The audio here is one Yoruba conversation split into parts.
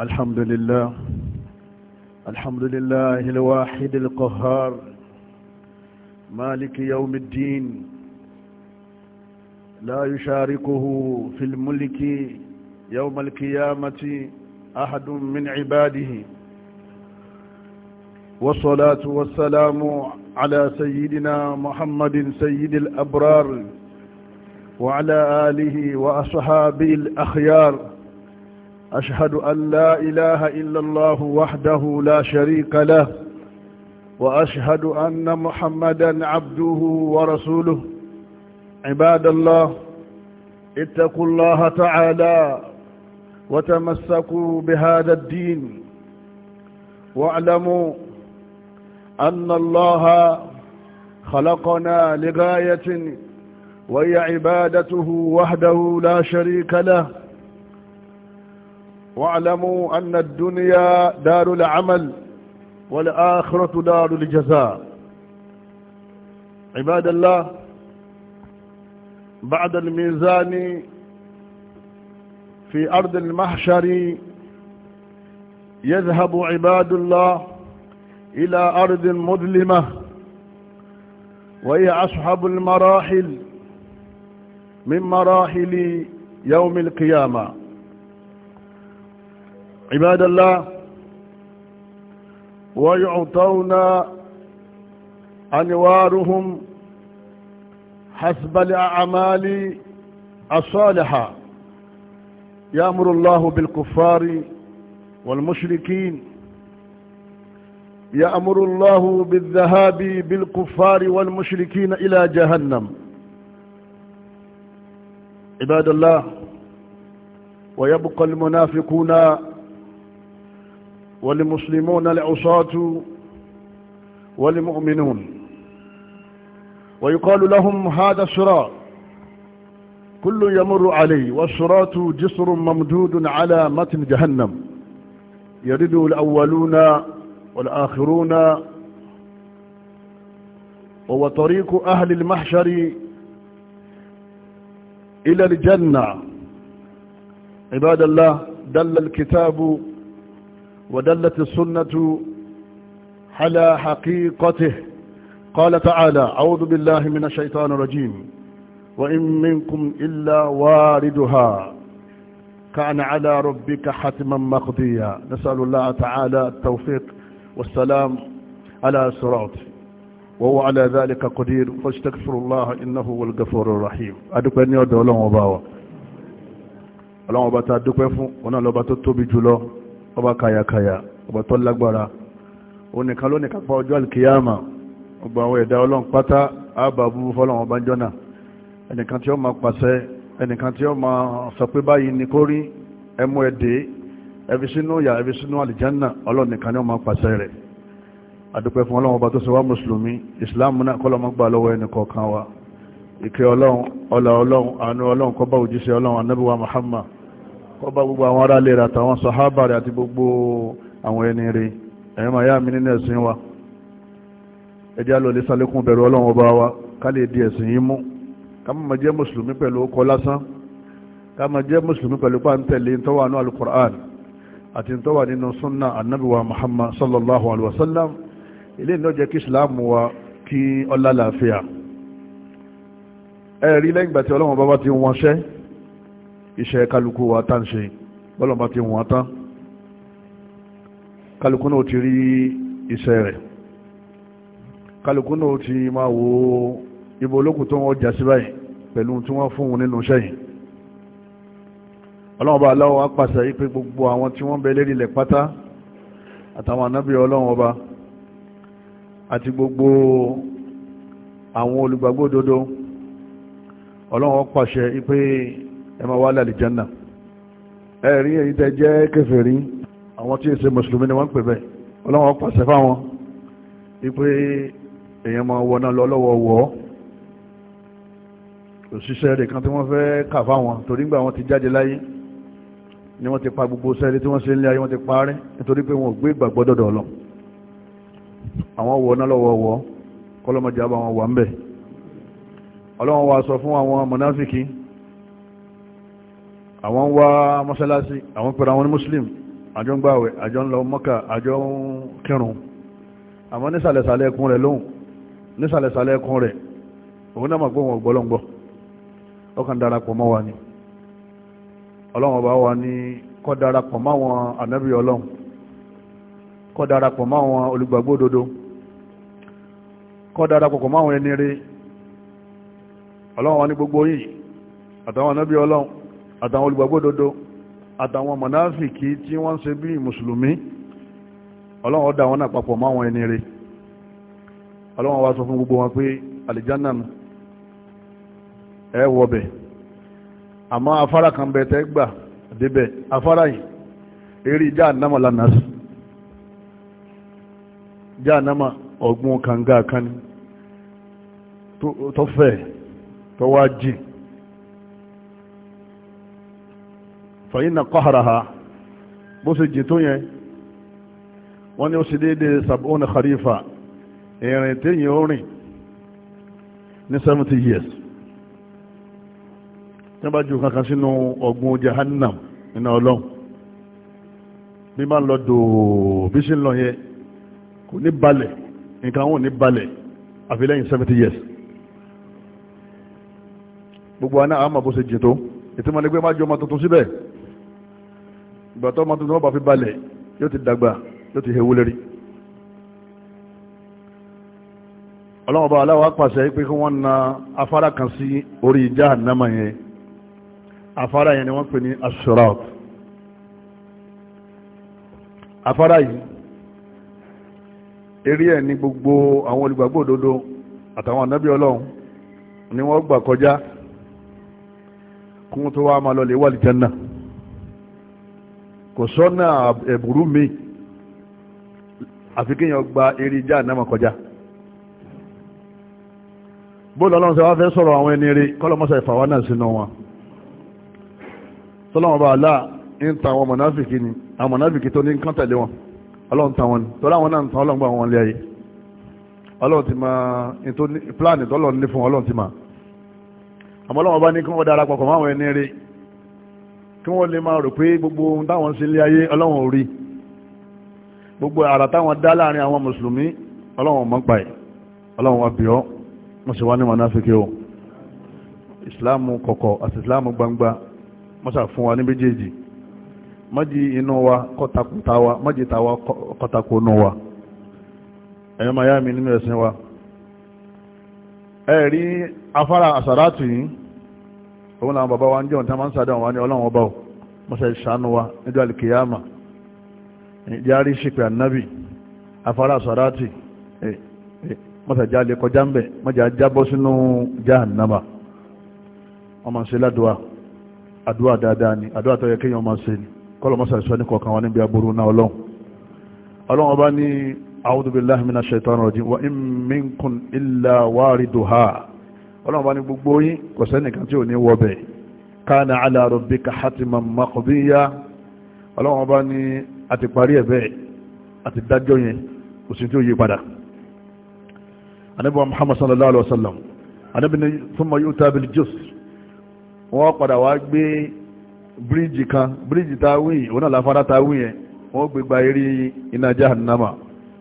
الحمد لله الحمد لله الواحد القهار مالك يوم الدين لا يشاركه في الملك يوم القيامة أحد من عباده والصلاة والسلام على سيدنا محمد سيد الأبرار وعلى آله وأصحابه الأخيار أشهد أن لا إله إلا الله وحده لا شريك له وأشهد أن محمدا عبده ورسوله عباد الله اتقوا الله تعالى وتمسكوا بهذا الدين واعلموا أن الله خلقنا لغاية وهي عبادته وحده لا شريك له واعلموا أن الدنيا دار العمل والآخرة دار الجزاء عباد الله بعد الميزان في أرض المحشر يذهب عباد الله إلى أرض مظلمة وهي أصحب المراحل من مراحل يوم القيامة عباد الله ويعطون أنوارهم حسب الأعمال الصالحة يأمر الله بالكفار والمشركين يأمر الله بالذهاب بالكفار والمشركين إلى جهنم عباد الله ويبقى المنافقون والمسلمون العصاة والمؤمنون ويقال لهم هذا الصراط كل يمر عليه والصراط جسر ممدود على متن جهنم يرده الأولون والآخرون وهو طريق أهل المحشر إلى الجنة عباد الله دل الكتاب ودلت السنة على حقيقته قال تعالى أعوذ بالله من الشيطان الرجيم وإن منكم إلا واردها كان على ربك حتما مقضيا نسأل الله تعالى التوفيق والسلام على صراط وهو على ذلك قدير فاستغفر الله إنه هو الغفور الرحيم أدوك أن يودع الله وباوة الله وباتا أدوك فون ونالوباتا الله جلو ọba kayakaya ọba tó lágbára onìkan ló nìkan pa ọjọ́ alkiyama ọgbà àwọn ẹ̀dá ọlọ́run pátá àbà búrú fọ́lọ́run ọba jọ́nà ẹnìkan tí ó ma pàṣẹ ẹnìkan tí ó ma sọ pé báyìí ní kó rí ẹmú ẹ̀dẹ́ ẹfi sínú yà ẹfi sínú alìjánà ọlọ́run nìkan ni ó ma pàṣẹ rẹ̀ àdúpẹ́ fún ọlọ́run ọba tó ṣe wá mùsùlùmí ìsìláàmù náà kọ́ lọ́mọ gbà lọ́wọ́ ẹnì kọ̀ọ̀kan wa ìkẹ́ ọlọ́run ọlọ́run ọlọ́run kọ́ bá òjíṣẹ́ ọlọ́run anábíwá Muhammad kó bá gbogbo àwọn ará lera àtàwọn sàhábà rẹ̀ àti gbogbo àwọn ẹni rẹ̀ ẹ̀yìn màá yá mi nínú ẹ̀sìn wa ẹjẹ́ lọ lè sálékún bẹ̀rù ọlọ́run ọba wa ká lè di ẹ̀sìn yìí mú ká má jẹ́ mùsùlùmí pẹ̀lú ọkọ̀ lásán ká má jẹ́ mùsùlùmí pẹ̀lú pàǹtẹ̀lé tó alukur'an àti tó nínú sunna annabiwa muhammad sallallahu alaihi wasallam ilé ìnáwó jẹ́ kí islam wa kí ọlá làáfíà ẹ̀rí lẹ́yìn ìgbà tí ọlọ́run ọba wa ti wọnṣẹ́ iṣẹ́ kálukú wa tá ń ṣe bọ́lọ̀mbá ti wọ́n tán kálukú náà ti rí iṣẹ́ rẹ̀ kálukú náà ti máa wo ibo olókù tó wọ́n jà sí báyìí pẹ̀lú tí wọ́n fún un nínú iṣẹ́ yìí ọlọ́run ọba aláwọ̀ á pàṣẹ yìí pé gbogbo àwọn tí wọ́n bẹ lérí ilẹ̀ pátá àtàwọn ànábì ọlọ́run ọba àti gbogbo àwọn olùgbàgbọ́ òdodo ọlọ́run ó pàṣẹ yìí pé ẹ máa wá lálẹ́ jẹ́nà ẹ̀rí èyí tẹ́ jẹ́ kèfèrí àwọn tí èsè mùsùlùmí ni wọ́n ń pè bẹ́ẹ̀ ọlọ́wọ́n pàṣẹ fáwọn wípé èèyàn máa wọná lọ lọ́wọ́ wọ́ òṣìṣẹ́ rẹ̀ kan tí wọ́n fẹ́ kà fáwọn torí gbà wọ́n ti jáde láyé ni wọ́n ti pa gbogbo sẹ́ẹ̀lì tí wọ́n ṣe ń lé ayé wọ́n ti parẹ́ nítorí pé wọn gbé ìgbàgbọ́ dọ̀dọ̀ lọ àwọn wọ̀ náà lọ́wọ́ wọ́ kọ́lọ́mọdé àbáwọn wà ń bẹ̀ ọlọ́wọ́n wa sọ fún àwọn mọ̀náfíkì àwọn ń wá mọ́sálásí àwọn pẹ̀lú àwọn muslim àjọ ń gbàwẹ̀ àjọ ń lọ mọ́kà àjọ ń kírun àmọ́ nísàlẹ̀sàlẹ̀ ẹkùn rẹ̀ lóhùn nísàlẹ̀sàlẹ̀ ẹkùn rẹ̀ òun náà màgbọ́ wọn ọkàn darapọ̀ mọ́ wa ni ọlọ́run ọba wa ni kọ́ darapọ̀ mọ́ àwọn ànábì ọlọ́run kọ́ darapọ̀ mọ́ àwọn olùgbàgbọ́ òdodo kọ́ darapọ̀ mọ́ àwọn ẹni rí ọlọ́run wa ní gbogbo yìí àtàwọn ànábì ọlọ́run àtàwọn olùgbàgbọ́ dodo àtàwọn mọ̀náfìkì tí wọ́n ń ṣe bí mùsùlùmí ọlọ́run ọ̀dà wọn náà papọ̀ mọ́ àwọn ẹni rẹ̀ ọlọ́run wa sọ fún gbogbo wọn pé àlìjánà ẹ wọbẹ̀ àmọ́ afárá kan bẹ tẹ́ gbà débẹ̀ afárá yìí eré ìjà ànámọ̀ lánàá sí ìjà ànámọ̀ ọ̀gbun kànga kan tó fẹ̀ tó wá jìn fàyín na kọ́hara ha bó ṣe jì tó yẹn wọ́n ní ó ṣe déédéé sab'una kharifa ìrìn téèyàn ó ní seventy years tí wọ́n bá ju kankan sínú ọ̀gbun jahannam iná ọlọ́run bí máa ń lọ dòó bí ṣe ń lọ yẹn kò ní balẹ̀ nǹkan wọn ò ní balẹ̀ àfi lẹ́yìn seventy years gbogbo àná àmọ́ bó ṣe jì tó ìtumọ̀ nígbẹ́ má jọ ọmọ tuntun síbẹ̀ ìgbàtọ́ ọmọ tuntun ọba fi balẹ̀ yóò ti dàgbà yóò ti hewu lérí ọlọ́wọ́ alawa aláwọ̀ pàṣẹ pé kí na afárá kan sí orí jahannama yẹn afárá yẹn ni wọ́n pè ní ashraf afárá yìí eré ẹ̀ ní gbogbo àwọn olùgbàgbọ́ òdodo àtàwọn ànábì ọlọ́run ni wọ́n gbà kọjá kún kò sọ́nà ẹ̀bùrú mi àfi kéèyàn gba eré já náà kọjá bóòlù ọlọ́run sọ wá fẹ́ sọ̀rọ̀ àwọn ẹni rí kọ́lọ́mọ́sà ìfàwá náà sínú wọn tọ́lọ́wọ́n bá aláà ń ta àwọn mọ̀náfìkì ni àwọn mọ̀náfìkì tó ní ń kántẹ̀lé wọn ọlọ́run ta wọn ni tọ́lá náà ń ta ọlọ́run gbà wọn lé ayé ọlọ́run ti máa pláàni tọ́lọ́run ní fún ọlọ́run ti máa àmọ́ bá ní kí wọ́n darapọ̀ kọ̀ máwọn ẹni rí kí wọ́n lè máa rò pé gbogbo ohun táwọn sí ilé ayé ọlọ́run ò rí gbogbo àrà táwọn dá láàrin àwọn mùsùlùmí ọlọ́run mọ́ pa ẹ̀ ọlọ́run wa bìọ́ wọ́n sì wá ní mọ̀náfíkì o ìsìláàmù kọ̀kọ̀ àti ìsìláàmù gbangba mọ́sà fún wa ní méjèèjì mọ́jì inú wa kọ́takùtà wa mọ́jì tàwa kọ́takùnú wa ẹ̀yọ́ miami nínú ẹ̀sìn wa ẹ̀rí afárá àsàrátù yìí òun làwọn bàbá wa ń jẹun tí wọ́n máa ń sàdọ̀ wọn ní ọlọ́run ọba ò mọ́sẹ̀ ìṣàánú wa níjọ́ alìkìyàmà ìjárí ṣìpẹ̀ ànábì afárá sọ̀rátì mọ́sẹ̀ já lè kọjá ń bẹ̀ mọ́jà jábọ́ sínú jahannama wọ́n máa ṣe ládùá àdúà dáadáa ni àdúà tó yẹ kéèyàn máa ṣe ni kọ́lọ̀ mọ́sẹ̀ ìṣọ́ ní kọ̀ọ̀kan wọn níbi aburú náà ọlọ́run ọlọ́run ọba ní a'udhu billahi ọlọ́run bá ní gbogbo yín kò sẹ́nìkan tí ò ní wọbẹ̀ kana ala rabbika hatiman maqdiya ọlọ́run bá ní àti parí ẹ̀bẹ̀ àti dájọ́ yẹn kò sí tí ó yí padà anábíwá muhammad sallallahu alaihi wasallam anábí ní thumma yu'ta bil juz wọ́n padà wá gbé bíríjì kan bíríjì ta wíyìn òun náà láfárá ta wíyìn wọ́n gbé gba eré iná jahannama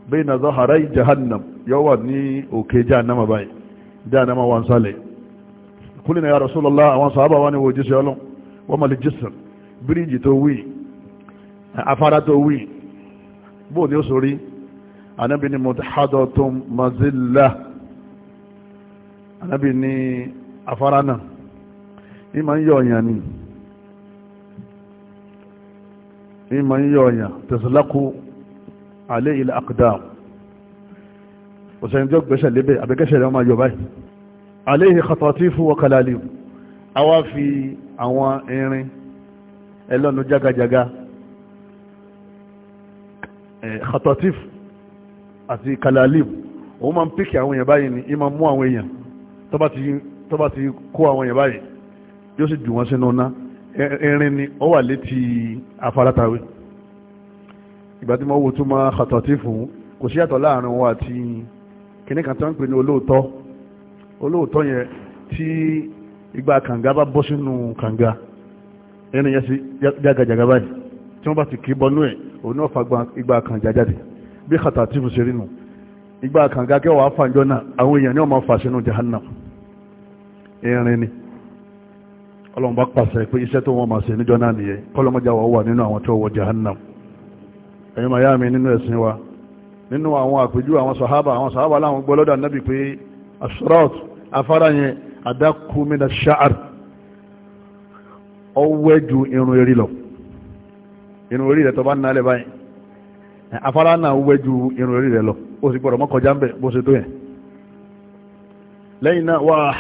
bayna zahara jahannam yóò wà ní òkè jahannama báyìí jáde máa wà ń sálẹ̀ kúlì náà ya Rasulullah àwọn sàábà wá ní wo jíṣẹ́ ọlọ́ wọ́n mọ̀ lè jíṣẹ́ bíríjì tó wí afárá tó wí bóò ní ó sọ rí anábì ni mutahadatun mazillah anábì ni afárá náà ìmọ̀ ń yọ ọ̀yàn ni ìmọ̀ ń yọ ọ̀yàn tẹ̀sílákù alẹ́ ilẹ̀ akadam kò sẹ́yìn tó gbẹ́sẹ̀ lébẹ̀ àbẹ́kẹ́sẹ̀ rẹ̀ máa yọ báyìí aléhì khatatifu wa kalaliu a wá fi àwọn irin ẹlọ́nu jágajága khatatifu àti kalaliu òun máa ń píkì àwọn èèyàn báyìí ni ìmọ̀ mú àwọn èèyàn tó bá ti kó àwọn èèyàn báyìí yóò sì jù wọ́n sínú ná irin ni ó wà létí afárátawé ìgbà tí mo wò tó máa khatatifu kò sí yàtọ̀ láàrin wọn àti kìnní kan tó ń pè ní olóòótọ́ olóòótọ́ yẹn tí ìgbà kànga bá bọ́ sínú kànga ẹni yẹn sí jágajàga báyìí tí wọ́n bá ti kì í bọnú ẹ̀ òun náà fagbọn ìgbà kànga jáde bí kàtà tí mo ṣe rí nù ìgbà kànga kẹwàá fàǹjọ náà àwọn èèyàn ní ọmọ fà sínú jahannam irin ni ọlọ́run bá pàṣẹ pé iṣẹ́ tó wọ́n máa ṣe níjọ náà nìyẹn kọ́lọ́mọjà wà wà nínú àwọn tó wọ jahannam ẹ̀yin màyá nínú ẹ̀sìn wa nínú àwọn àpèjú àwọn sàhábà àwọn sàhábà láwọn gbọ́ lọ́dọ̀ pé asrot afárá yẹn irun iri lọ irun iri rẹ̀ tó bá ń nálẹ̀ báyìí afárá náà irun iri rẹ̀ lọ ó sì gbọ́dọ̀ mọ́kànjá ń bẹ̀ bó ṣe tó yẹn lẹ́yìn náà wà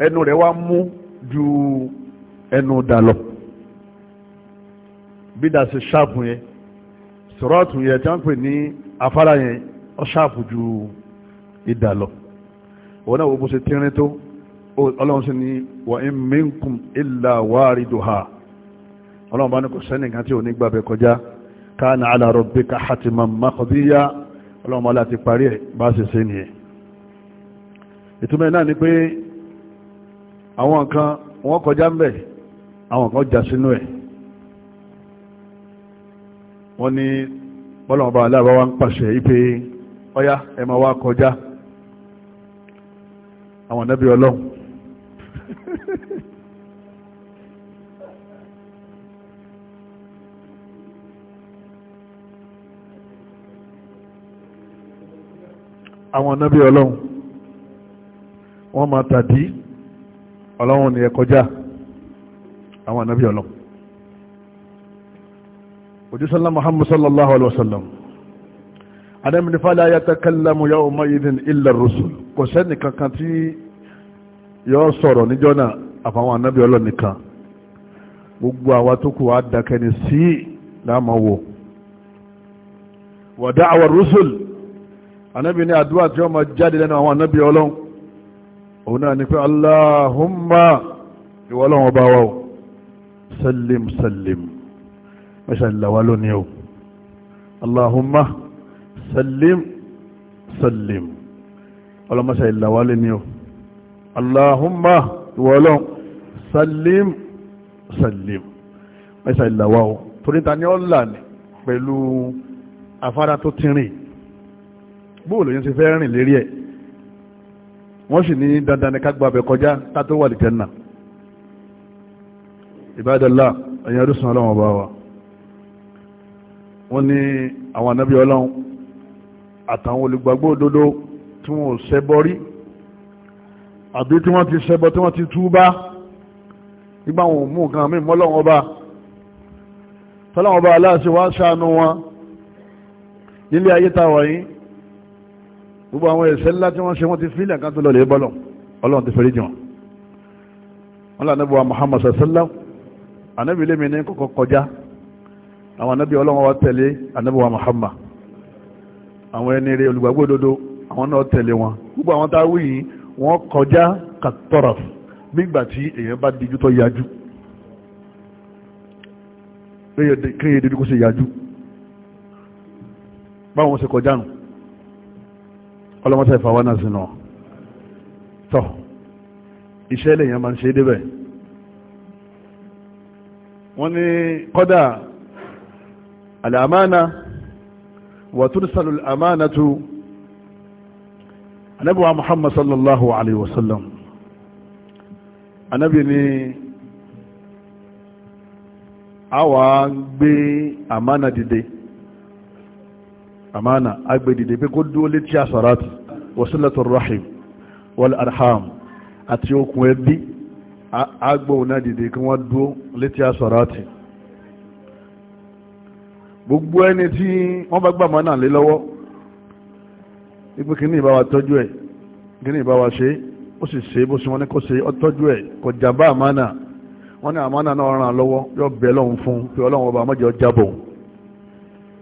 ẹnu rẹ̀ ju ẹnu dà lọ bí dà sí sọ̀rọ̀tù yẹ tí wọ́n pè ní afárá yẹn ọ ṣáàfù ju ìdà lọ náà wo bó ṣe tínrín tó ọlọ́run sì ní wa in minkum illa wariduha ọlọ́run bá ní kò sẹ́nìkan tí ò ní gbàbẹ̀ kọjá kana ala rabbika hatiman maqdiya ọlọ́run bá láti parí ẹ̀ bá ṣe ṣe nìyẹn ìtumẹ̀ náà ni pé àwọn kan wọ́n kọjá ń bẹ̀ àwọn kan jà sínú ẹ̀ wọ́n ní bọ́lọ̀wọ́n bá aláàbá wá ń pàṣẹ ipé ọya ẹ máa wá kọjá àwọn ànábì ọlọ́run àwọn ànábì ọlọ́run wọ́n máa tàdí ọlọ́run ni ẹ kọjá àwọn ànábì ọlọ́run òjísọ́lá muhammad sallallahu alaihi wasallam adẹ́mìnì fàlẹ́ ayatakallamu yawma idhin illa rusul kò sẹ́ni kankan tí yọ sọ̀rọ̀ níjọ́ náà àfàwọn anábì ọlọ́ nìkan gbogbo àwa tó kù á dákẹ́ ni sí láàmọ́ wò wa da'wa rusul anábì ní àdúrà tí wọ́n máa jáde lẹ́nu àwọn anábì ọlọ́run òun náà ni pé Allahumma ìwọ́lọ́wọ́ bá wà ó sallim sallim mọ́ṣàlìláwà lónìí o Allahumma sallim sallim ọlọ́mọ́ṣàlìláwà lónìí o Allahumma ìwọ̀lọ́n sallim sallim mọ́ṣàlìláwà o torí ta ní ọ́là ní pẹ̀lú afárá tó ti rìn bóòlù yẹn ti fẹ́ rìn lérí ẹ̀ wọ́n sì ní dandan ní kágbàbẹ̀ kọjá tátó wà lìtẹ́nà ìbádọ́lá ẹ̀yìn ọdún sàn ọlọ́wọ́n bá wa wọ́n ní àwọn ànábì ọlọ́run àtàwọn olùgbàgbọ́ òdodo tí wọ́n ò ṣẹbọ rí àbí tí wọ́n ti ṣẹbọ tí wọ́n ti túbá nígbà wọn ò mú nǹkan mí mọ́lọ́wọ́n ọba tọ́lọ́wọ́n ọba aláàṣẹ wá ṣàánú wọn nílé ayé ta wà yìí gbogbo àwọn ẹ̀ṣẹ̀ ńlá tí wọ́n ṣe wọ́n ti fílẹ̀ kan tó lọlẹ̀ bọ́lọ̀ ọlọ́run ti fẹ́rí jì wọ́n wọ́n lànà bọ́ Muhammad sallallahu alaihi wasallam ànábì lèmi ní kọjá àwọn anábì ọlọ́wọ́ wa tẹ̀lé anábì wa Muhammad àwọn ẹni rẹ̀ olùgbàgbọ́ òdodo àwọn náà tẹ̀lé wọn gbogbo àwọn tá a wí yìí wọ́n kọjá katọ́rọ̀f nígbà tí èèyàn bá dijú tó yájú kéèyàn dijú kó ṣe yájú báwọn ṣe kọjá nù ọlọ́mọṣẹ́ ìfàwọn náà sí náà tọ́ iṣẹ́ lèèyàn máa ń ṣe débẹ̀ wọ́n ní kọ́dà al'amana wa tursalu al'amanatu anabi wa muhammad sallallahu alaihi wasallam anabi ni a wá gbé amana dìde amana a gbé dìde pé kó dúó létí asarati wasilatul rahim wal arham àti okùn ẹbí agbóhùn náà dìde kí wọ́n dúó asarati gbogbo ẹni tí wọ́n bá gbàmọ́ náà lé lọ́wọ́ ipò kìíní ìbáwa tọ́jú ẹ̀ kìíní ìbáwa ṣe ó sì ṣe bó ṣe wọn ní kó ṣe ọtọ́jú ẹ̀ kò jàmbá àmánà wọ́n ní àmánà náà ràn lọ́wọ́ yóò bẹ̀ lọ́hùn fún pé ọlọ́run ọba mọ́jọ jábọ̀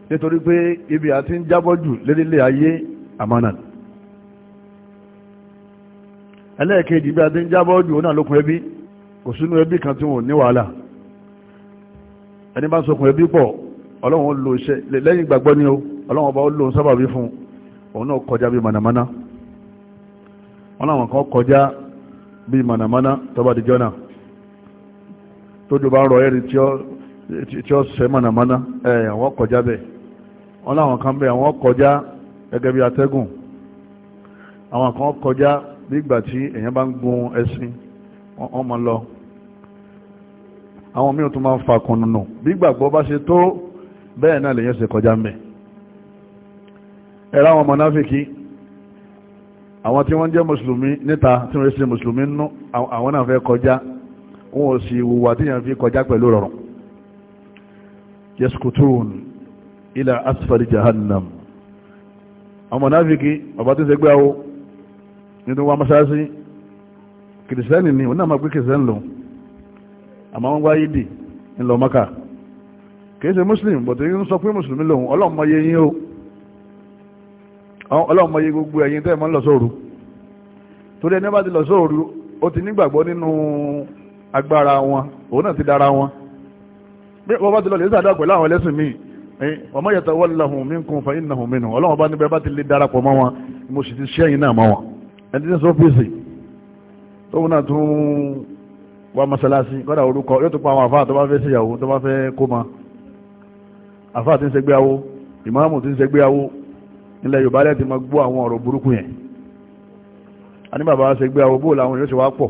nítorí pé ibi àti ń jábọ̀ jù lérílẹ̀ ayé àmánà ẹlẹ́ẹ̀kejì bí àti ń jábọ̀ jù ó náà lókun ẹbí kò sínú ẹbí kan tí wọn ò ní wàhálà ẹni bá ń sokùn ẹbí pọ̀ ọlọ́run ló iṣẹ́ lẹ́yìn ìgbàgbọ́ ni o ọlọ́run ọba ó lóun sábàbí fún òun náà kọjá bí mànàmáná wọn làwọn kan kọjá bí mànàmáná tọ́ba àdìjọ́ náà tójú bá rọ ẹ̀rí tí ó sẹ́ mànàmáná ẹ̀ àwọn kọjá bẹ́ẹ̀ wọn làwọn kan bẹ́ẹ̀ àwọn kọjá gẹ́gẹ́ bí atẹ́gùn àwọn kan kọjá nígbà tí èèyàn bá ń gun ẹṣin wọn máa lọ àwọn míràn tó máa ń fa kùnùnù bí gbàgbọ́ bá ṣe tó bẹ́ẹ̀ náà lèyàn se kọjá mẹ́ ẹ̀rọ àwọn mọ̀náfíkì àwọn tí wọ́n jẹ́ mùsùlùmí níta tí wọ́n ṣe mùsùlùmí nú àwọn náà fẹ́ kọjá wọn ò sì wùwà tí yàn fi kọjá pẹ̀lú rọrùn yẹskutun ila asfari jahannam àwọn mọ̀náfíkì bàbá tó ṣe gbé àwọ nínú wa mọ́sáàsì kìrìsìtẹ́nì ni òun náà máa gbé kìrìsìtẹ́nì lòun àmọ́ wọ́n gbá yídì ńlọ mọ́kà kìí muslim bọ̀tí ń sọ pé mùsùlùmí lòun ọlọ́mọye yín o ọlọ́mọye gbogbo ẹ̀yin tẹ́ mọ́ lọ sóòru torí ẹni bá ti lọ sóòru ó ti nígbàgbọ́ nínú agbára wọn òun náà ti dára wọn bí wọ́n bá ti lọ lè sàdá pẹ̀lú àwọn ẹlẹ́sìn míì ọmọ yẹtọ̀ wọ́n lahùn mí kún fa iná hùn mínú ọlọ́wọ́n bá níbẹ̀ bá ti lè darapọ̀ mọ́ wọn mo sì ti ṣẹ́yìn náà mọ́ wọn ẹni tí ń sọ fèsì tóun náà tún wá masalasi kọ́dà orúkọ yóò tún pa àwọn àfáà tó bá fẹ́ síyàwó tó bá fẹ́ kó máa àfáà tí ń ṣẹgbẹ́ awó ìmáàmù tí ń ṣẹgbẹ́ awó nílẹ̀ Yorùbá lẹ́ẹ̀tì máa gbọ́ àwọn ọ̀rọ̀ burúkú yẹn a ní bàbá ṣẹgbẹ́ awó bóòlù àwọn yóò ṣe wá pọ̀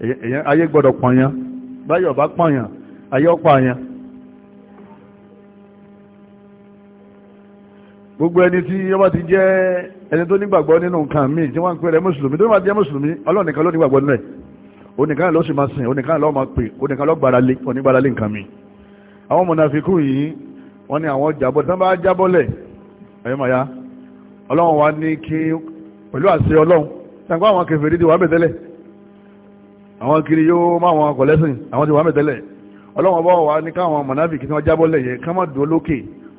èyàn ayé gbọ́dọ̀ pọ̀nyàn báyọ̀ bá pọ̀nyàn ayé ọ̀pọ̀ àyàn gbogbo ẹni tí wọ́n bá ti jẹ́ ẹni tó nígbàgbọ́ nínú nǹkan míì tí wọ́n ń pè rẹ̀ mùsùlùmí tó bá jẹ́ mùsùlùmí Ọlọ́run ló nígbàgbọ́ nínú onìkan ló sì máa sìn onìkan ló máa pè onìkan ló gbára lé onígbára lé nǹkan míì àwọn mọ̀nàfikú yìí wọ́n ní àwọn jábọ́ tán bá jábọ́lẹ̀ ẹ̀yọ́mọ̀yá ọlọ́run wa ní kí pẹ̀lú àṣẹ ọlọ́run tàbí àwọn kèfèrí ti wà mẹ́tẹ́lẹ̀ àwọn kiri yóò má wọn kọ̀lẹ́sìn àwọn ti wà mẹ́tẹ́lẹ̀ ọlọ́run ọba wa ní káwọn mọ̀nàfikí tí wọ́n jábọ́lẹ̀ yẹ ká má dúró lókè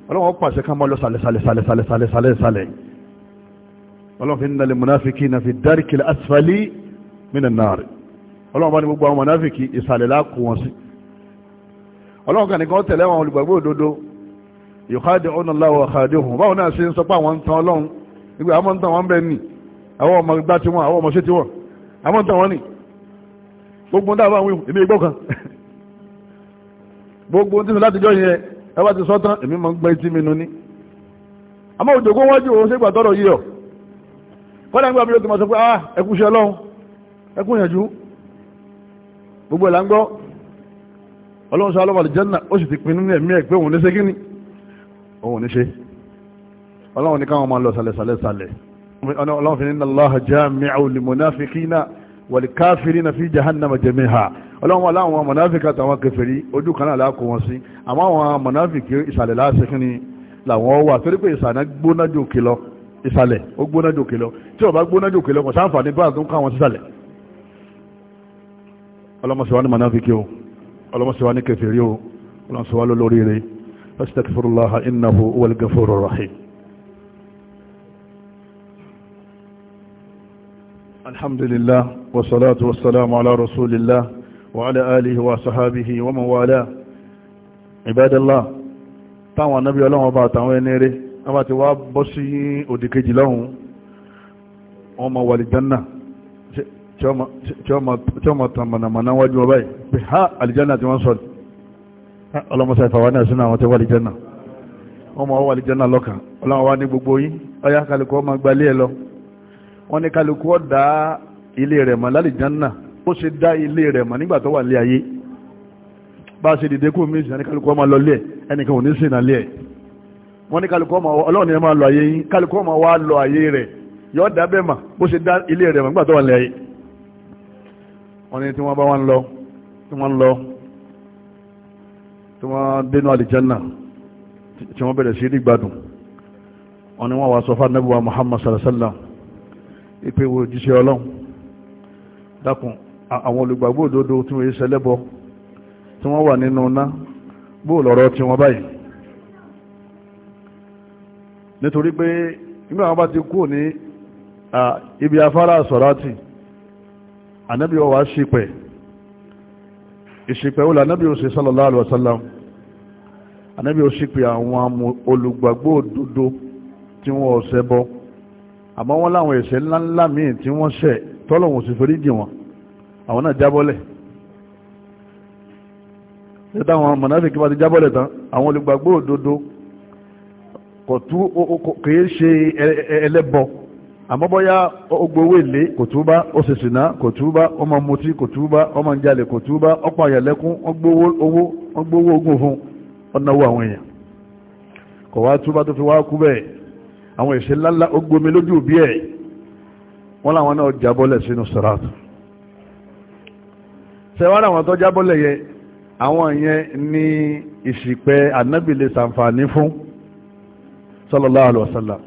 ọlọ́run pàṣẹ ká mọ́ lọ sàlẹ̀sàlẹ̀sàlẹ̀sàlẹ̀ ọlọ́run fi ń dalẹ̀ mọ̀nàfikí na fi wọn sí ọlọ́run kan nìkan tẹ̀lé àwọn olùgbàgbọ́ òdodo yukhadi'una Allah wa khadi'uhum báwọn náà ṣe ń sọ pé àwọn ń tan ọlọ́run nígbà àwọn ń tan wọn bẹ́ẹ̀ nì àwọn ọmọ gbá tiwọn àwọn ọmọ ṣé tiwọn àwọn ń tan wọn nì gbogbo ń dábàá wíwù èmi igbó kan gbogbo ń tí mi láti jọ yẹn ẹ bá ti sọ tán èmi máa ń gbẹ́ tí mi nu ní àmọ́ òjò kó wájú òun ṣé gbàtọ́rọ̀ yìí ọ̀ kọ́lá nígbà mi ah, ló ọlọ́run sọ alọ́wọ́ àlìjánà ó sì ti pinnu ní ẹ̀mí ẹ̀ pé òun ní ṣe kíní òun ní ṣe ọlọ́run ní káwọn máa lọ sàlẹ̀sàlẹ̀sàlẹ̀ ọlọ́run fi ní Allaha jami'u lil munafiqina wal kafirina fi jahannama jami'a ọlọ́run wọn láwọn mọ̀náfíkà tàwọn kèfèrí ojú kan náà lákò wọn sí wà torí pé ìsàlẹ̀ gbóná jòkè lọ ìsàlẹ̀ ó gbóná wọn sísàlẹ̀ mọ̀náfíkì o ọlọ́mọsíwá ní kẹfẹ̀rí o ọlọ́mọsíwá lórí rẹ̀ astaghfirullaha innahu huwal ghafurur rahim alhamdulillah wasalatu wasalamu ala rasulillah wa ala alihi wa sahabihi wa man wala ibadallah táwọn anábí ọlọ́wọ́n bá àtàwọn ẹni rẹ̀ wọ́n bá ti wá bọ́ sí òdìkejì lọ́hùn wọ́n ma wà lìjánná tí ọmọ tàn mọ̀nàmọ̀nà wájú ọba yìí pé ha alìjánà tí wọ́n sọ ọlọ́mọsá ìfàwà náà sínú àwọn tó wà alìjánà wọ́n mọ̀ wà alìjánà lọ́kàn ọlọ́wọ́ wá ní gbogbo yín ọyá kálukú ọmọ gbalé ẹ lọ wọ́n ní kálukú ó dá ilé rẹ̀ mọ̀ lálìjánà ó sì dá ilé rẹ̀ mọ̀ nígbà tó wà lé ayé bá a ṣe dìde kú mí ìsìn kálukú ọmọ lọ lé ẹ wọ́n ní tí wọ́n bá wọ́n lọ tí wọ́n lọ tí wọ́n dénú àlìjánà tí wọ́n bẹ̀rẹ̀ sí ìgbádùn wọ́n ní wọ́n wá sọ fún Muhammad sallallahu ìpè wo jíṣẹ́ ọlọ́run dákun àwọn olùgbàgbọ́ òdodo tí wọ́n yé sẹlẹ́bọ tí wọ́n wà nínú ná bóò lọ́rọ̀ tí wọ́n báyìí nítorí pé nígbà wọn bá ti kú ní ibi afárá sọ̀rọ̀ àti ànábì ọwà ṣìpẹ̀ ìṣìpẹ̀ olè ànábì òsè sallallahu alaihi wasallam ànábì ó ṣìpẹ̀ àwọn olùgbàgbọ́ òdodo tí wọ́n ọ̀sẹ̀ bọ́ àmọ́ wọ́n láwọn ẹ̀ṣẹ̀ ńláńlá míì tí wọ́n ṣẹ̀ tọ́lọ̀wọ̀n sì forí jì wọ́n àwọn náà jábọ́lẹ̀ nígbà àwọn mọ̀náfíkì bá ti jábọ́lẹ̀ tán àwọn olùgbàgbọ́ òdodo kò tú kìí ṣe ẹlẹ́bọ àmọ́bọ́yá ogbowó èlé kò túbá ó sì sìná kò túbá ọmọ mutí kò túbá ọmọ jalè kò túbá ọ̀pọ̀ àyàlẹ́kún ọgbówó ogun fún ọ̀nàwó àwọn èèyàn kò wá túbá tó fi wá kú bẹ́ẹ̀ àwọn ìṣe ńláńlá ogbomi lójú bí ẹ̀ wọ́n láwọn náà jábọ́lẹ̀ sínú sàràtù sẹ́wọ́n àwọn tó jábọ́lẹ̀ yẹ àwọn yẹn ní ìṣìpẹ̀ ànábìlẹ̀ sàǹfààní fún sallallahu alaihi wasallam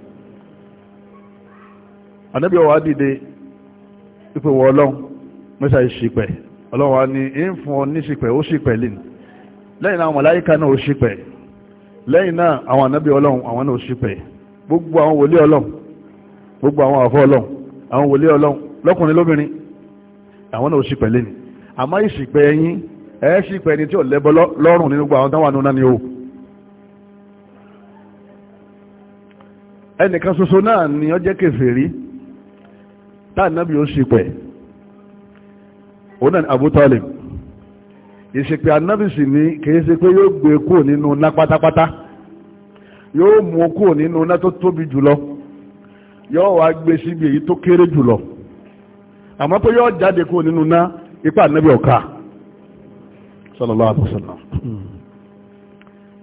ànábì wa dìde ipò wọ ọlọ́run mẹ́sà ìṣìpẹ̀ ọlọ́run wa ní ń fún ọ ní ìṣìpẹ̀ ó ṣìpẹ̀ lìn lẹ́yìn náà màláíkà náà ó ṣìpẹ̀ lẹ́yìn náà àwọn ànábì ọlọ́run àwọn náà ó ṣìpẹ̀ gbogbo àwọn wòlíì ọlọ́run gbogbo àwọn àfọ́ ọlọ́run àwọn wòlíì ọlọ́run lọ́kùnrin lóbìnrin àwọn náà ó ṣìpẹ̀ lẹ́ni àmọ́ ìṣìpẹ̀ ẹ̀yìn ẹ̀ ni o ẹnìkan ṣoṣo náà ni ó jẹ́ kèfèrí táà nábì ó sì pẹ̀ òun náà Abu Talib ìṣèpè anábì sì ní kìí ṣe pé yóò gbé e kúrò nínú ná pátápátá yóò mú kúrò nínú ná tó tóbi jùlọ yóò wá gbé síbi èyí tó kéré jùlọ àmọ́ pé yóò jáde kúrò nínú ná ipá ọ̀ka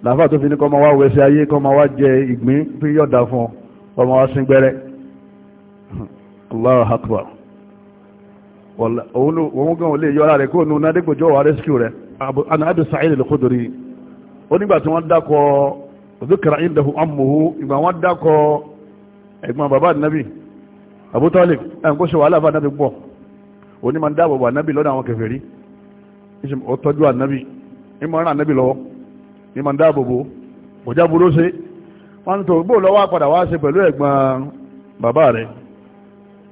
làáfà tó fi ní kọ́ máa wá wẹsẹ̀ ayé kọ́ máa wá jẹ ìgbín pé yóò dá fún ọ kọ́ máa Allahu akbar òun gan olè yọ́ra rẹ̀ kó nù nádégbòjọ́ wà rescue rẹ̀ anáàdù Sa'id al-Khudri onígbà tí wọ́n dákọ̀ dhukira indahu ammuhu ìgbà wọ́n dákọ̀ ẹ̀gbọ́n bàbá nabi Abu Talib ẹ̀kó ṣe wàhálà bá nabi pọ̀ òní ma ń dáàbò bà nabi lọ́dọ̀ àwọn kèfèrí ó tọ́jú ànábì ìmọ̀ ràn ànábì lọ́wọ́ ìmọ̀ ń dáàbò bò kò já bàbá rẹ̀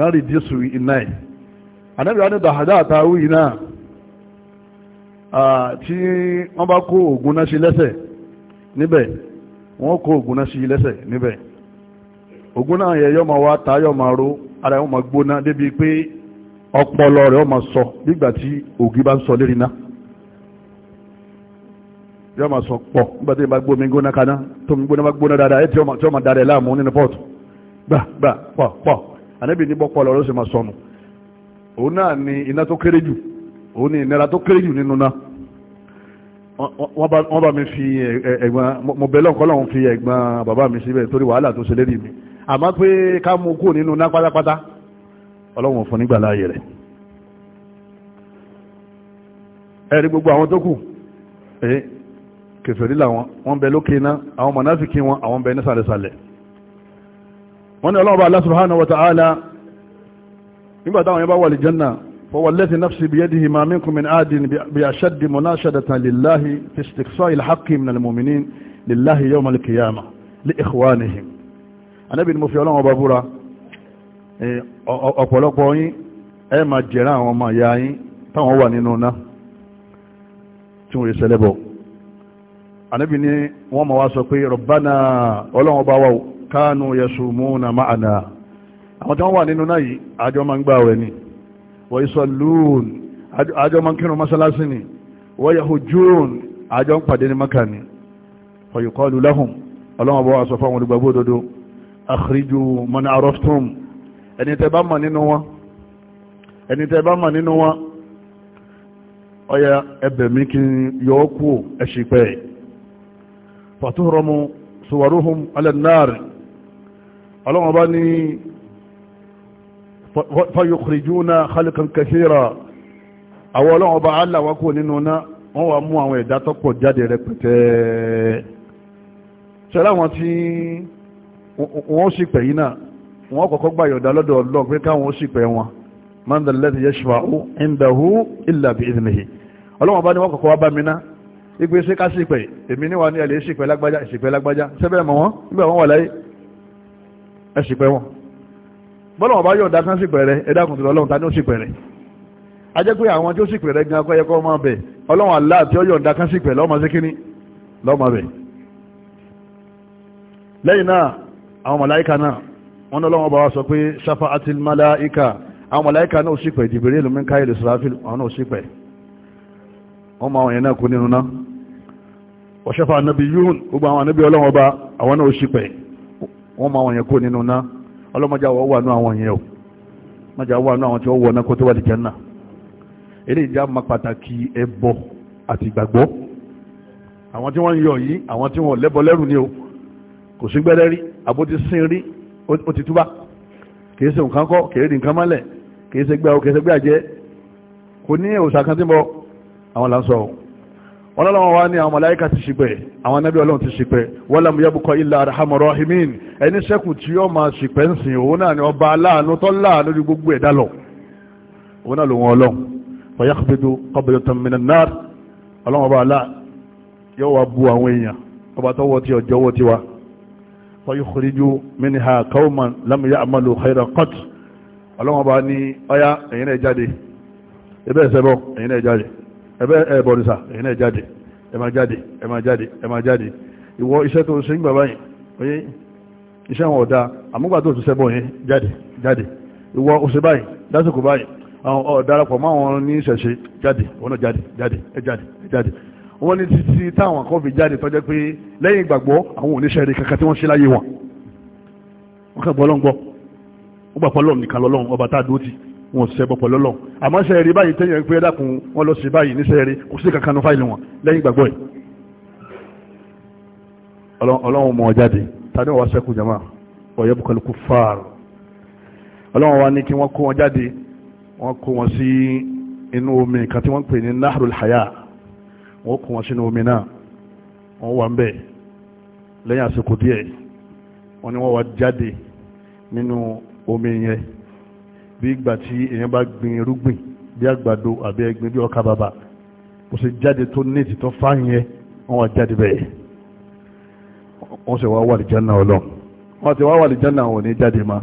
kan a iná ẹ̀ ànábì wọn ní dàhádà na, a tí wọ́n bá kó ògùn na si lẹ́sẹ̀ nibe wọ́n kó ògùn na si lẹ́sẹ̀ níbẹ̀ yẹ yọ ma wá ta yọ́ ma ara yọ ma gbóná débi pe ọpọlọ ọ ma sọ nígbà tí ògì bá ń sọ lérí náà ma sọ pọ̀ nígbà tí ìbá gbómi gbóná kaná tó gbóná bá gbóná dáadáa tí dáadáa láàmú nínú gbà gbà ànábì ní bọ́pọ̀ lọ́rọ́ sì máa sọnù òun náà ni iná tó kéré jù òun ni ìnira tó kéré jù nínú náà wọ́n bá mi fi ẹ̀gbọ́n mo bẹ̀ lọ́nkọ́ lọ́hún fi ẹ̀gbọ́n bàbá mi síbẹ̀ torí wàhálà tó ṣe lérí mi àmọ́ pé ká mú kú nínú náà pátápátá ọlọ́run fún nígbà láàyè rẹ̀ ẹ̀rí gbogbo àwọn tó kù kèfèrí làwọn wọ́n bẹ lókè iná àwọn mọ̀náfíkì wọn àwọn bẹ nísàlẹ̀sàlẹ̀ wọ́n ní ọlọ́ọ̀bá Allah subhanahu wa ta'ala nígbàtàwọn yẹba wà lè jẹ́nà fọwọ́lẹ́sì náfsì bí yẹ́dì ma minkum min adin bí aṣẹ́dì munashadatan lillahi fi istiqsa ilhaqi min almuminin lillahi yawm alqiyama li ikhwanihim anábì ni mo fi ọlọ́wọ́ bá búra ọ̀pọ̀lọpọ̀ yín ẹ ma jẹ́ra àwọn ọmọ ìyá yín táwọn wà kánú yasumuna ma'ana àwọn tí wọ́n wà nínú náà yìí àjọ máa ń gbààwẹ̀ ni wa yusallun àjọ máa ń kírun mọ́sálásí ni wa yahujjun àjọ ń pàdé ní maka ni fa yuqalu lahum ọlọ́wọ́n bọ́ aṣọ fáwọn olùgbàgbọ́ òdodo ọlọ́wọ́n bá ní fayukhrijuna khalqan kathira àwọn ọlọ́wọ́n bá aláwákò nínú náà wọ́n wá mú àwọn ẹ̀dá tọ́pọ̀ jáde rẹpẹtẹ ṣẹlá wọn tí wọ́n sì pẹ̀ yìí náà wọ́n kọ́kọ́ gbà yọ̀dá lọ́dọ̀ ọlọ́ pé káwọn ó sì pẹ̀ wọn man dhal ladhi yashfa'u indahu illa bi'idhnihi ọlọ́wọ́n bá ní wọ́n kọ́kọ́ wá bá mi ná igbe ẹ sì pẹ́ wọn bọ́lá wọn bá yọ̀ dákan sì pẹ̀rẹ̀ ẹ dákun tó lọ́lọ́run ta ni ó sì pẹ̀rẹ̀ a jẹ́ pé àwọn tí ó sì pẹ̀rẹ̀ gan akọ́ yẹ kọ́ máa bẹ̀ ọlọ́run Allah tí ó yọ̀ dákan sì pẹ̀rẹ̀ lọ́mọ sí kíní lọ́mọ bẹ̀ lẹ́yìn náà àwọn màláìka náà wọ́n lọ́wọ́ bá wá sọ pé shafa'atil màláìka àwọn màláìka náà ó sì pẹ̀ Jibril Mikail Israfil àwọn náà ó sì pẹ̀ wọ́n máa àwọn náà ó sì pẹ̀ wọ́n máa wọ̀nyẹn kó nínú náà ọlọ́mọdé wà nú àwọn yẹn o mọ́jà wà nú àwọn tí ó wọ̀ náà kó tó wà lè jẹ́nà eré ìjà máa pàtàkì ẹbọ àti ìgbàgbọ́ àwọn tí wọ́n ń yọ yìí àwọn tí wọ́n lẹ́bọ lẹ́rù ni o kò sí gbẹ́rẹ́ rí àbótí sín rí ó ti túbá kìí ṣe nǹkan kọ́ kìí rí nǹkan mọ́lẹ̀ kìí ṣe gbẹ́ o kìí ṣe gbẹ́ àjẹ́ kò ní òṣà kan tí mo àwọn là ń sọ wọ́n lọ́wọ́ wá ní àwọn màláíkà ti ṣìpẹ̀ àwọn anábí ọlọ́run ti ṣìpẹ̀ wọ́n lámú yẹ́bùkọ́ ilẹ̀ arhamar rahimin ẹni sẹ́kù tí ó máa ṣìpẹ̀ ń sìn òun náà ni ọba aláàánú tó láàánú ní gbogbo ẹ̀dá lọ òun náà lòun ọlọ́run ọba ní ọyá ẹ̀yin náà jáde ìṣẹ́bọ̀ ẹ̀yin náà ẹ̀bẹ́ ẹ̀bọ̀rìsà eh, ẹ̀yìn náà jáde ẹ máa jáde ẹ máa jáde ẹ máa jáde ìwọ iṣẹ́ tó ṣe ń gbà báyìí oyé iṣẹ́ wọn ọ̀dá àmúgbà tó ti sẹ́bọ̀ yẹn jáde jáde ìwọ oṣù báyìí lásìkò báyìí àwọn ọ̀darapọ̀ máwọn ní ìṣẹ̀ṣe jáde wọn náà jáde jáde ẹ jáde ẹ jáde wọ́n ní títí táwọn kan fi jáde tọ́jẹ́ pé lẹ́yìn ìgbàgbọ́ àwọn oníṣẹ́ rẹ̀ kankan tí wọ́n ṣe láyé wọn wọn ṣẹbọ pẹ̀lú Ọlọ́run àmọ́ sẹ́ẹ̀rí báyìí tẹ́yìn pé dákun wọn lọ sí báyìí ní sẹ́ẹ̀rí kò sí kankan ní fáìlì wọn lẹ́yìn gbàgbọ́ ẹ̀ Ọlọ́run mọ̀ jáde tani wọ́n sẹ́kù jama ọ̀yẹ́ bukọlu kú fáàrù Ọlọ́run wa ní kí wọ́n kó wọn jáde wọ́n kó wọn sí inú omi kan tí wọ́n pè ní nahrul haya wọ́n kó wọn sínú omi náà wọ́n wà ń bẹ̀ lẹ́yìn àsìkò díẹ̀ wọ́n ní wọ́n wá jáde nínú omi yẹn bí ìgbà tí èèyàn bá gbin irúgbìn bí àgbàdo àbí ẹgbin bí ọkà bàbà kò sì jáde tó ní ìtìtọ́ fáyín ẹ wọ́n jáde bẹ́ẹ̀ wọ́n sì wá wà jẹ́nà ọlọ́run wọ́n ti wá wà jẹ́nà àwọn òní jáde ma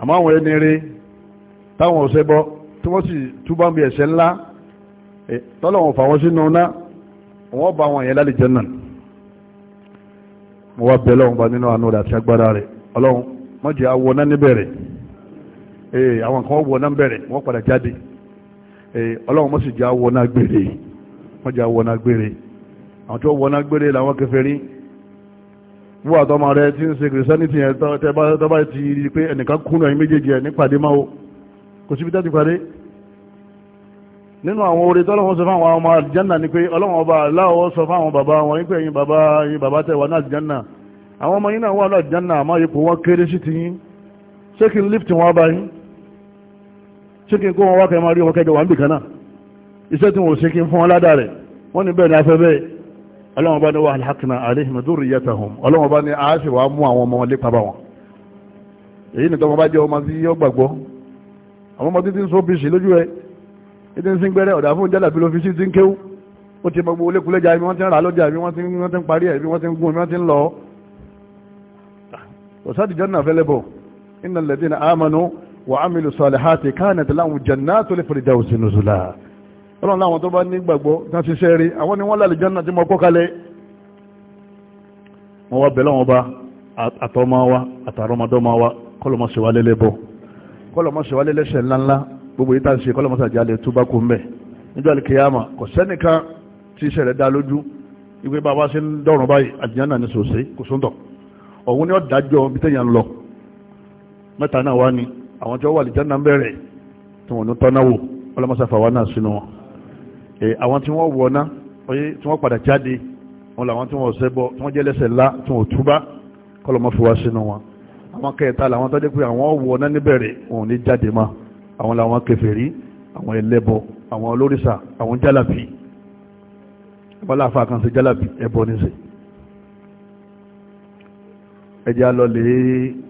àmọ́ àwọn ẹni rí táwọn ọ̀sẹ̀ bọ́ tí wọ́n sì túbọ̀ bí ẹ̀ṣẹ̀ ńlá tọ́lọ̀wọ̀n fà wọ́n sínú ná wọ́n bá wọn yẹn lálẹ́ jẹ́nà mo wá bẹ̀ lọ́wọ́n bá nínú àánú rẹ̀ àti agbára rẹ̀ ọlọ́run mọ́jì awọ náà níbẹ̀rẹ̀ Eh, àwọn kan wọ náà bẹ̀rẹ̀ wọ́n padà jáde eh, ọlọ́run mọ́sí já wọ náà gbére wọ́n já wọ náà gbére àwọn tó wọ náà gbére làwọn kèfèrí wọ́n àtọ́mọ rẹ tí ń ṣe kìrìsánìtì yẹn tọ́ba ti rí pé ẹnìkan kúnnà yín méjèèjì ẹ̀ nípàdé máa o kò síbi tẹ́tì parí nínú àwọn orí tọ́lọ́wọ́n sọ fáwọn ọmọ àlìjánà ni pé ọlọ́wọ́n ọba aláwọ̀ sọ fáwọn bàbá wọn ní pé yín bàbá yín bàbá tẹ̀wà náà àlìjánà àwọn ọmọ yín náà wà láàlìjánà àmọ́ ipò wọn kéré sí ti yín ṣé kí n lift wọn bá yín ṣé kí n kó wọn wá kẹ́ máa rí wọn kẹjọ wà ń bì kan náà iṣẹ́ tí wọ́n ṣe kí n fún wọn ládàá rẹ̀ wọ́n ní bẹ́ẹ̀ ni afẹ́ bẹ́ẹ̀ ọlọ́wọ́n bá ní wà alhaqna alaihim dhurriyyatahum ọlọ́wọ́n bá ní aṣe wàá mú àwọn ọmọ wọn lépa bá wọn èyí ni tọ́mọ bá jẹ́ ọmọ tí yọ gbàgbọ́ àwọn ọmọ títí ń so bíṣì lójú ẹ títí ń sín gbẹ́rẹ́ ọ̀dà fún jálàbí ló fi sí ti ń kéwú ó ti mọ gbogbo lékulẹ́jà ibi wọ́n ti ń rà lọ́jà ibi wọ́n ti ń parí ibi wọ́n ti ń gún ibi wọ́n ti ń lọ ọ̀sádìjọ́ náà fẹ́lẹ́bọ̀ innal ladina amanu wa amilu salihati kanat lahum jannatul firdausi nuzula ọlọ́run láwọn tó bá nígbàgbọ́ tán ti sẹ́rí àwọn ni wọ́n lálẹ́ jẹ́nà tí mo kọ́ kalẹ̀ wọ́n wá bẹ̀lẹ́ wọn bá àtọ́mọ́ wa àtàrọmọdọ́mọ́ wa kọ́lọ́mọ́ ṣe wá lẹ́lẹ́ bọ́ kọ́lọ́mọ́ ṣe wá lẹ́lẹ́ ńláńlá gbogbo yìí tá ṣe kọ́lọ́mọ́ túbá kú mbẹ̀ níjọ́ alikiyama àwọn tí wọ́n wà lìjánà ń bẹ̀rẹ̀ tí wọ́n ní tọ́náwò ọlọ́mọsáfà wà náà sínú wọn àwọn tí wọ́n wọ̀ná oyé tí wọ́n padà jáde wọn làwọn tí wọ́n ṣẹbọ tí wọ́n jẹ́lẹ́sẹ̀ lá tí wọ́n túbá kọlọmọfọwá sínú wọn àwọn kẹta làwọn tọ́jú pé àwọn wọ̀ná níbẹ̀rẹ̀ wọn ò ní jáde mọ́ àwọn làwọn kèfèrí àwọn ẹlẹ́bọ àwọn olórìṣà àwọn jálàbí bọ́lá àfa kan sí jálàbí ẹbọ níṣẹ́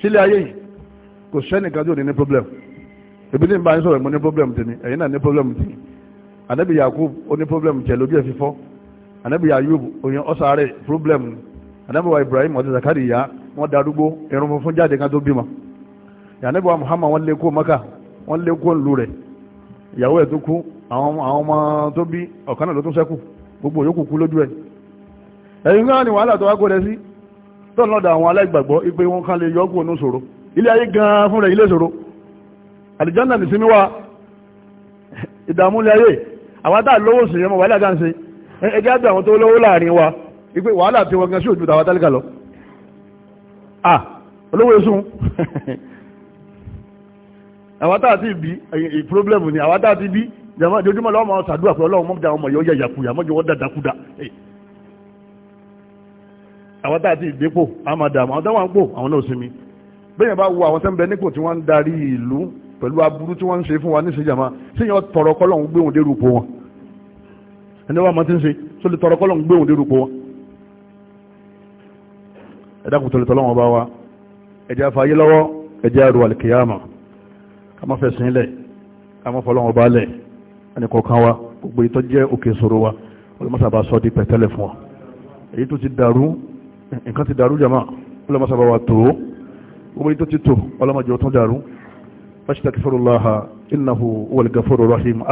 sílé ayé yìí kò sẹ́nìkan tí ò ní ní problem ebi ní bá sọ̀rọ̀ mo ní problem tèmi ẹ̀yin náà ní problem tì anabi yakub ó ní problem tiẹ̀ lójú ẹ̀ fífọ́ anabi ayub oyin ọ̀sàárẹ̀ problem anabi wa ibrahim ọ̀dẹ zakariya wọ́n darúgbó irun funfun jáde kan tó bímọ anabi wa muhammad wọ́n lé kó maka wọ́n lé kó nlu rẹ̀ ìyàwó ẹ̀ tó kú àwọn ọmọ tó bí ọ̀kan náà ló tún sẹ́kù gbogbo yòókù kú lójú ẹ̀ ẹ̀yin náà ni wàhálà tó wá kó rẹ sí tọ́lọ́dà àwọn aláìgbàgbọ́ ipé wọn kán lè yọ́kù onú ṣòro ilé ayé gan fún rẹ̀ ilé ṣòro àlìjánà ní sinmi wa ìdààmú ilé ayé àwọn tá lówó sí ẹmọ wàhálà gan sí ẹgbẹ́ àti àwọn tó lówó láàrin wa ipé wàhálà tí wọn gan sí òjú tàwọn tálíkà lọ à olówó esun àwọn tá àti ìbí ìpróblẹ̀mù ni àwọn tá àti ìbí jẹmọ́ ìjọjúmọ́ lọ́wọ́ àwọn tá àti ìdépò a máa dààmú àwọn táwọn ń pò àwọn náà sinmi bẹ́ẹ̀ bá wo àwọn tó ń bẹ nípò tí wọ́n ń darí ìlú pẹ̀lú aburú tí wọ́n ń ṣe fún wa níṣẹ́jàmá síyàn tọ̀rọ̀ kọ́lọ̀ ń gbé òun dérú po wọn ẹni wá máa ti ń ṣe tó lè tọ̀rọ̀ kọ́lọ̀ ń gbé òun dérú po wọn ẹ dákun tó lè tọ́lọ́wọ́n bá wa ẹjẹ́ afáyé lọ́wọ́ ẹjẹ́ àrò àlìkìyàmà ká má fẹ̀ sílẹ̀ ká má fọlọ́wọ́n bá lẹ̀ ẹni kọ̀ọ̀kan wa gbogbo ìtọ́jẹ́ òkè ìṣòro wa olùmọ́sàbà sọ́ di pẹ̀tẹ́lẹ̀ fún wa èyí tó ti dàrú nǹkan ti dàrú jama ọlọ́mọsábà wa tó omi tó ti tó ọlọ́mọjọ tó dàrú fásitì akífọ́rọ̀láha innahu wal gafuru rahim